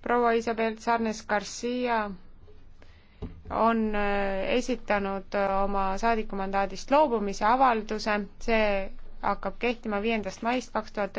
proua Isabel Sarnes-Garcia on äh, esitanud äh, oma saadikumandaadist loobumise avalduse, see hakkab kehtima viiendast maist kaks tuhat üheksa.